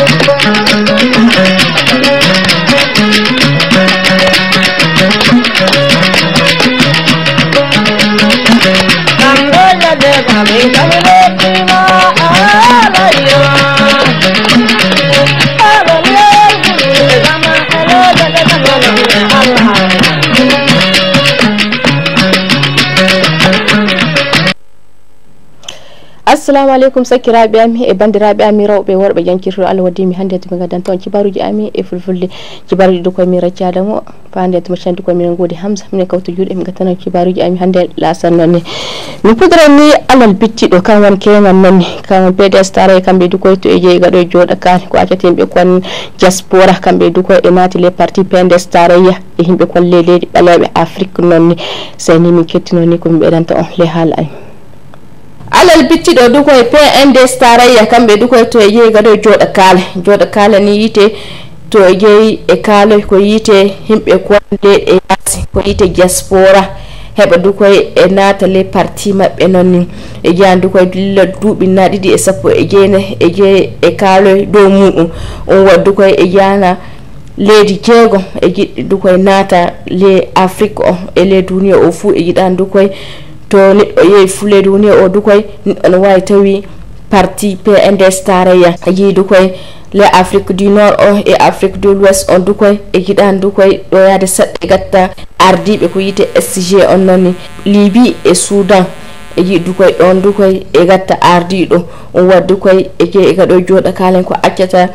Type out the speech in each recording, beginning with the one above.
Thank you. assalamu aleykum sakkiraɓe ami e bandiraɓe ami rewɓe worɓe jankirto allah waddimi hannde e ndema gaddan toon cibaruji ami e fulfulde cibaruji ɗo koyemin raccadamo fa nde e tuma canndi koyemin ngoodi hamsa mine kawto juuɗe mi gattana cibaruji ami hannde e lasan noonne min pudoran ni alal bittiɗo kam wan kewan noonne kam pds tara e kamɓe dukoyto e jeyga ɗo e jooɗa kane ko accata yimɓe kon diaspora kamɓe dukoy e naati les parti pds taraya e yimɓe kon le leydi ɓaleɓe afrique noonne seyni min kettinoni komin ɓeɗanta on le haala ami alal biccido dukoye pnd staraya kamɓe dukoye to yehi gado jooɗa kaala jooɗa kaala ni yite to yehi e, e kaala ko yite himɓe konde e yasi ko yite diaspora heɓa dukoye e naata le parti maɓɓe noon ni e jeyan dukoye dilla duuɓi na ɗiɗi e sappo e jeyna e jeeye e kaaloye dow muɗum on waɗ dukoye e jeyana leydi jeegom e jiɗɗi dukoye naata le afrique o e le duniya o fuu e jiɗan dukoye to neɗɗo yehi fuledu ni o du koye neɗɗo no wawi tawi parti pnds tareya yii du koye le afrique du nord o e afrique du l'ouest on du koye e giɗan du koye ɗo yaade saɗɗe gatta ardiɓe ko yiite sg on noonni liby e soudan e yi du koye ɗon du koye e gatta ardiɗo on waddu koye e ke e gaɗo jooɗa kalen ko accata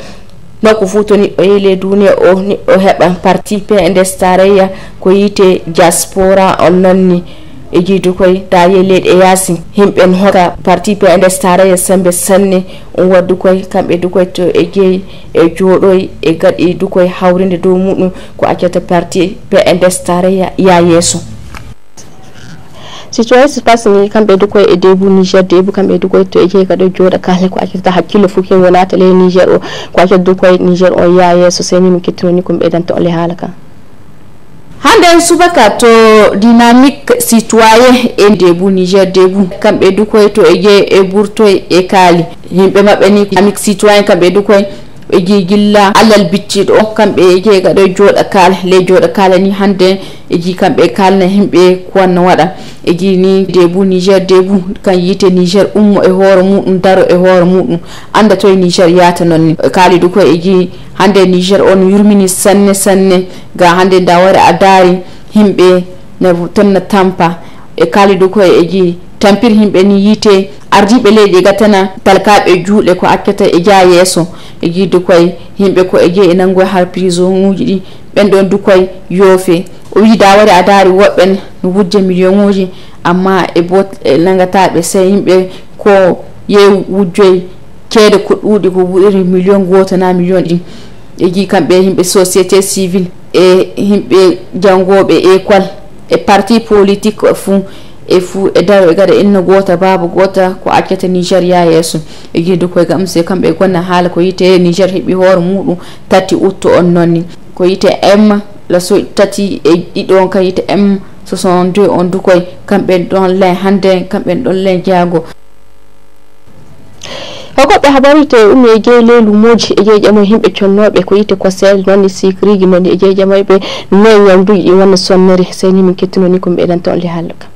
nokku fuu to neɗɗo yele duniya o neɗɗo heɓa parti pnds tareya ko yiite diaspora on noonni e jiidu koye daaye leyɗe yaasi himɓen hoka parti pnde e staraye e sembe sanne um waddu koye kamɓe dukoye to e jeeyi e jooɗoy e gaɗi dukoye hawrinde dow muɗum ko accata parti pnde e staraya ya yeeso situation se passe ni kamɓe dukoye e debout niger debout kamɓe dukoye to e jeeyi kaɗo jooɗa kaale ko accirta hakkille fo ke wonata ley niger o ko accata dukoye niger o ya yeeso seni min kettinoni komɓeydanta ole haala ka ha nden subaka to dynamique citoyen e debout niger debout kamɓe dukoye to e ƴe e ɓurtoye e kaali yimɓe maɓɓe ni dynamique citoyen kamɓe dukoye jijilla allal bicciɗo kamɓe jeegaɗo jooɗa kala le jooɗa kala ni hande eji kamɓe kalna himɓe kowanno waɗa eji ni debu niger debu kan yite niger ummo e hoore muɗum daro e hoore muɗum anda toye niger yaata noon ni kaalidu ko eji hande niger on yurmini sanne sanne ga hande da wari a daari himɓe tonna tampa e kaalido koye e jeeyi tampir yimɓe ni yiite ardiɓe leydi gatana talkaɓe juuɗe ko akketa e jaa yeeso e jiide koye yimɓe ko e jeeyi e nangu e har prison uji ɗi ɓen ɗon du koye yoofe o wi dawari a daari woɓɓen no wujje million uji amma e bot e nangataɓe se yimɓe ko yeey wujjoye ceede ko ɗuuɗi ko wuɗiri million gotana million ɗi e jii kamɓe yimɓe société civil e yimɓe janngoɓe école e parti politique fuu e fuu e darɓe gada inno gota baba gota ko accata nigér ya yesso e guidu koye gam si kamɓe gonna haala ko yite nigér heeɓi hoore muɗum tati utto on nonni ko yite m la so tati e ɗiɗo on kam yite m 62 on dukoye kamɓen ɗon lay hande kamɓen ɗon lay jaago ko goɗɗe habarute ummi e jeyi leylu muji e jeyi ƴamoy himɓe connoɓe ko yite e ko sel noonne sikriji mone e jeyi ƴamoy ɓe noyi yamduji ɗi wonno sonneri seni min kettinoni ko mbiɗen to onli haalla kam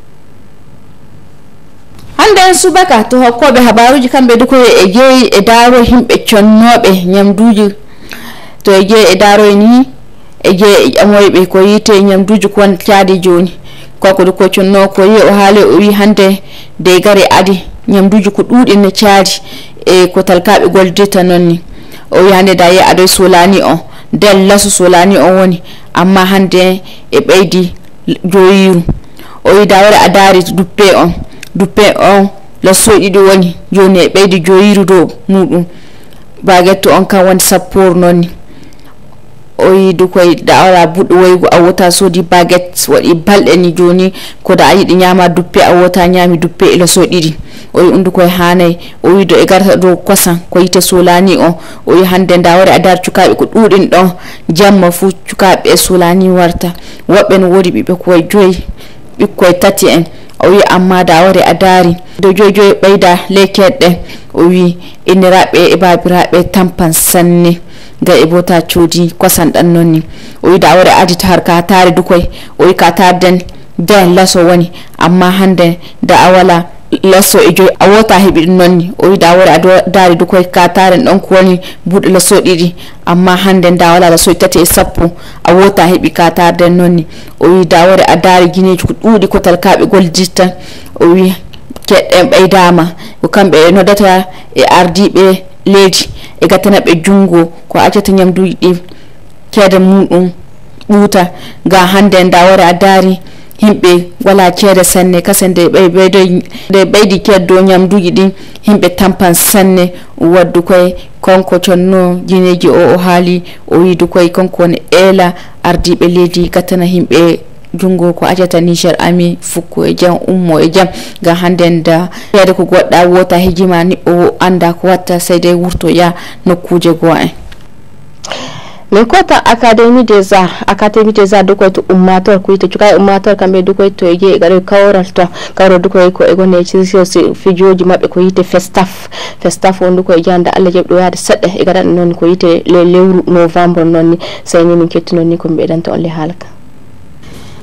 hande en subaka to hokkoɓe habaruji kamɓe de koye e jeeyi e daaro himɓe connoɓe ñamduji to e jeeyi e daaroy e ni e jeeyi e ƴamoyɓe ko yite ñamduji ko won caadi joni koko de ko connoo ko yi o haali o wi hande de gaare adi ñamduji ko ɗuuɗi ne caadi e ko talkaɓe goldita noonni o wihande da yi aɗo solani on nden lasu solani on woni amma hande e ɓeydi joyiru o wi dawara a daari duppe on duppe on lasoɗiɗi woni joni e ɓeydi joyiru dow muɗum bagetto on kam woni sapporu noonni o yiidi koye daawra buɗɗo woygo a wota soodi baguet waɗi balɗe ni joni ko da a yiɗi ñama duppe a wota ñami duppe ila e so ɗiɗi o wi undu koye hanayi o wi do e garta dow kosan ko yite sulani o o wi hande nda wari a dar cukaɓe ko ɗuɗin ɗon jamma fuu cukaɓe e sulani warta woɓɓe no wodi ɓiɓɓe koye joyi ɓikkoye tati en o wi amma da wari a daari do joyi joyi ɓeyda lekeɗɗe o wi inniraɓe e babiraɓe tampan sanne ga e bo ta coodi kosan ɗan noon ni o wi da awore adita har ka taare dukoy o wi ka taarden da laso woni amma hande da a wala lasso e joyi a wota heeɓi ɗum noon ni o wi da awore a daari dukoy ka taaren ɗon ko woni buuɗe lasso ɗiɗi amma hande da wala lasso e tati e sappo a wota heeɓi ka taarden noon ni o wi da awore a daari guineji ko ɗuuɗi kotal kaɓe goldirta o wi keɗɗen ɓeydama ko kamɓe e nodata e ardiɓe leydi e gattana ɓe junngo ko accata ñamduji ɗi ceede muɗum ɓuuta ga hannde nda wore a daari himɓe wala ceede sanne kase nde ɓeyde ɓeydi ceede dow ñamduji ɗin himɓe tampan sanne waddu koye konko conno jineji o o haali o wiidu koye konko woni eela ardiɓe leydi gattana himɓe jungo ko acata nishar ami fuku e jam ummo e jam ga handen da yade ko goɗɗa wota hijima ni o anda ko watta sai dai wurto ya nokkuje go en min kota academy des arts academy des arts dukoy to ummator ko yite cukaye kan kamɓe dukoy to e ga e gaɗoy kawral to kawral dukoy ko e gone fijoji mabbe ko yite festaf festaf won dukoy janda allah jaɓi do yaade seɗɗa e gaɗaɗa non ko yite le lewru novembre non ni ni min ni ko mbiɗanta on le halka.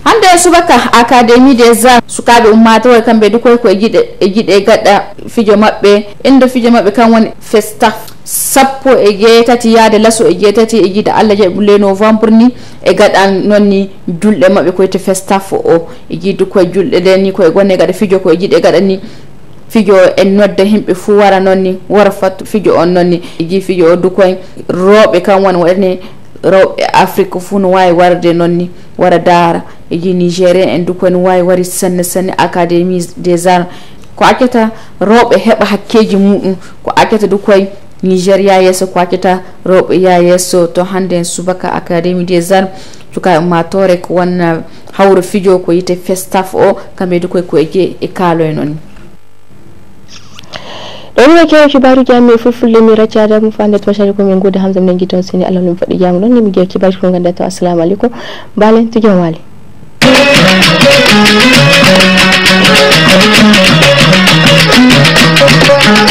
hande subaka académie des arts sukaɓe ummatawo kamɓe du koy koye jiɗe e jiiɗe gaɗɗa fijo mabɓe inde fijo mabɓe kam woni festaf sappo e jeetati yaade lasu e jeetati e jiide allah jaɓi le novembre ni e gaɗan noonni julɗe mabɓe koyte festaf o e jiidu koye julɗe ɗen ni koye gonne gaɗa fijo koye jiiɗe gaɗa ni fijo en nodda himɓe fuu wara noonni wara fat fijo on noonni e jii fijo o du koye rewɓe kam woni waɗani rewɓe afrique fuu no wawi warde noonni wara daara ji nigérien en du koni wawi wari sanne sanne académie des armes ko acceta rewɓe heɓa hakkeji muɗum ko acceta du koye niger ya yesso ko acceta rewɓe ya yesso to hande en subaka académie des armes cuka matore ko wonna hawro fijo ko yite festaf o kamɓe du koye koye je e, e kaaloye noon ɗoni e wa kewa kibaru jammi e fulfullemi racci adamu fa nde tomacari ko min guuda hamsa minen guitoon sini allah nomi faɗi jamu ɗon nemi jeewa kibaruko ganndata assalamu aleykum mbalen to jamwali Thank you.